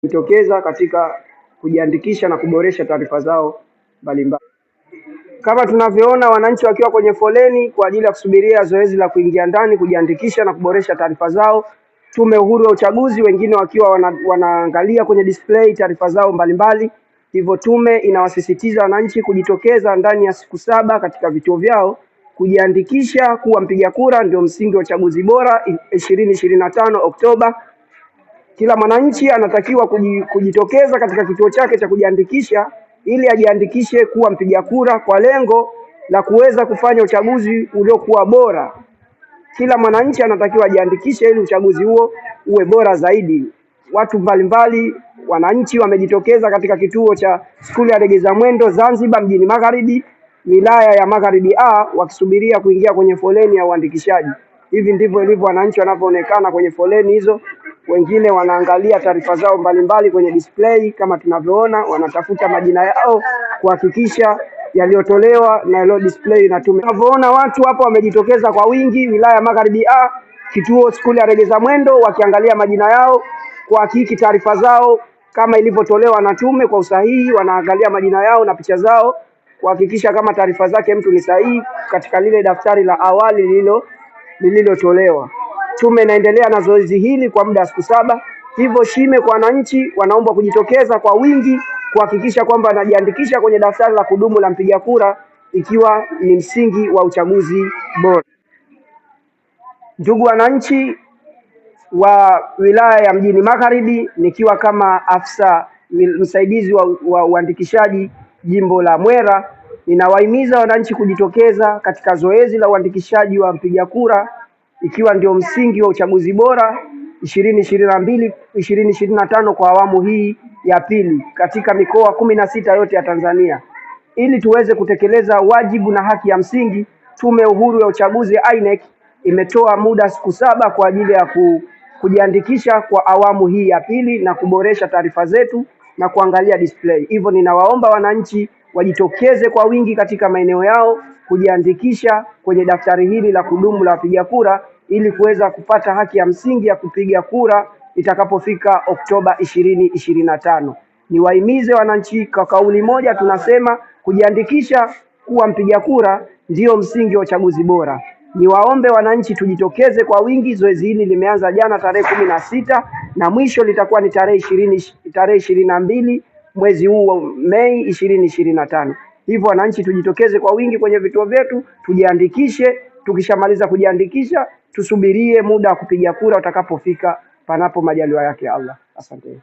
kujitokeza katika kujiandikisha na kuboresha taarifa zao mbalimbali. Kama tunavyoona wananchi wakiwa kwenye foleni kwa ajili ya kusubiria zoezi la kuingia ndani kujiandikisha na kuboresha taarifa zao Tume Huru ya Uchaguzi, wengine wakiwa wana, wanaangalia kwenye display taarifa zao mbalimbali. Hivyo tume inawasisitiza wananchi kujitokeza ndani ya siku saba katika vituo vyao kujiandikisha kuwa mpiga kura, ndio msingi wa uchaguzi bora ishirini ishirini na Oktoba. Kila mwananchi anatakiwa kujitokeza katika kituo chake cha kujiandikisha ili ajiandikishe kuwa mpiga kura kwa lengo la kuweza kufanya uchaguzi uliokuwa bora. Kila mwananchi anatakiwa ajiandikishe ili uchaguzi huo uwe bora zaidi. Watu mbalimbali, wananchi wamejitokeza katika kituo cha skuli ya Legeza Mwendo Zanzibar, mjini Magharibi, wilaya ya Magharibi A, wakisubiria kuingia kwenye foleni ya uandikishaji. Hivi ndivyo ilivyo, wananchi wanavyoonekana kwenye foleni hizo wengine wanaangalia taarifa zao mbalimbali kwenye display kama tunavyoona, wanatafuta majina yao kuhakikisha yaliyotolewa na ile display na tume. Tunavyoona watu hapo wamejitokeza kwa wingi wilaya ya Magharibi A, kituo skuli ya Regeza Mwendo, wakiangalia majina yao kuhakiki taarifa zao kama ilivyotolewa na tume kwa usahihi. Wanaangalia majina yao na picha zao kuhakikisha kama taarifa zake mtu ni sahihi katika lile daftari la awali lililo lililotolewa. Tume inaendelea na zoezi hili kwa muda wa siku saba. Hivyo shime kwa wananchi wanaomba kujitokeza kwa wingi kuhakikisha kwamba anajiandikisha kwenye daftari la kudumu la mpiga kura, ikiwa ni msingi wa uchaguzi bora. Ndugu wananchi wa wilaya ya Mjini Magharibi, nikiwa kama afisa msaidizi wa uandikishaji jimbo la Mwera, ninawahimiza wananchi kujitokeza katika zoezi la uandikishaji wa mpiga kura ikiwa ndio msingi wa uchaguzi bora ishirini ishirini na mbili ishirini ishirini na tano kwa awamu hii ya pili katika mikoa kumi na sita yote ya Tanzania ili tuweze kutekeleza wajibu na haki ya msingi. Tume Uhuru ya Uchaguzi INEC imetoa muda siku saba kwa ajili ya ku, kujiandikisha kwa awamu hii ya pili na kuboresha taarifa zetu na kuangalia display. Hivyo ninawaomba wananchi wajitokeze kwa wingi katika maeneo yao kujiandikisha kwenye daftari hili la kudumu la wapiga kura ili kuweza kupata haki ya msingi ya kupiga kura itakapofika Oktoba ishirini ishirini na tano. Niwahimize wananchi kwa kauli moja, tunasema kujiandikisha kuwa mpiga kura ndiyo msingi wa uchaguzi bora. Niwaombe wananchi tujitokeze kwa wingi. Zoezi hili limeanza jana tarehe kumi na sita na mwisho litakuwa ni tarehe ishirini tarehe ishirini na mbili mwezi huu wa Mei ishirini ishirini na tano. Hivyo wananchi tujitokeze kwa wingi kwenye vituo vyetu tujiandikishe. Tukishamaliza kujiandikisha, tusubirie muda wa kupiga kura utakapofika, panapo majaliwa yake Allah. Asante.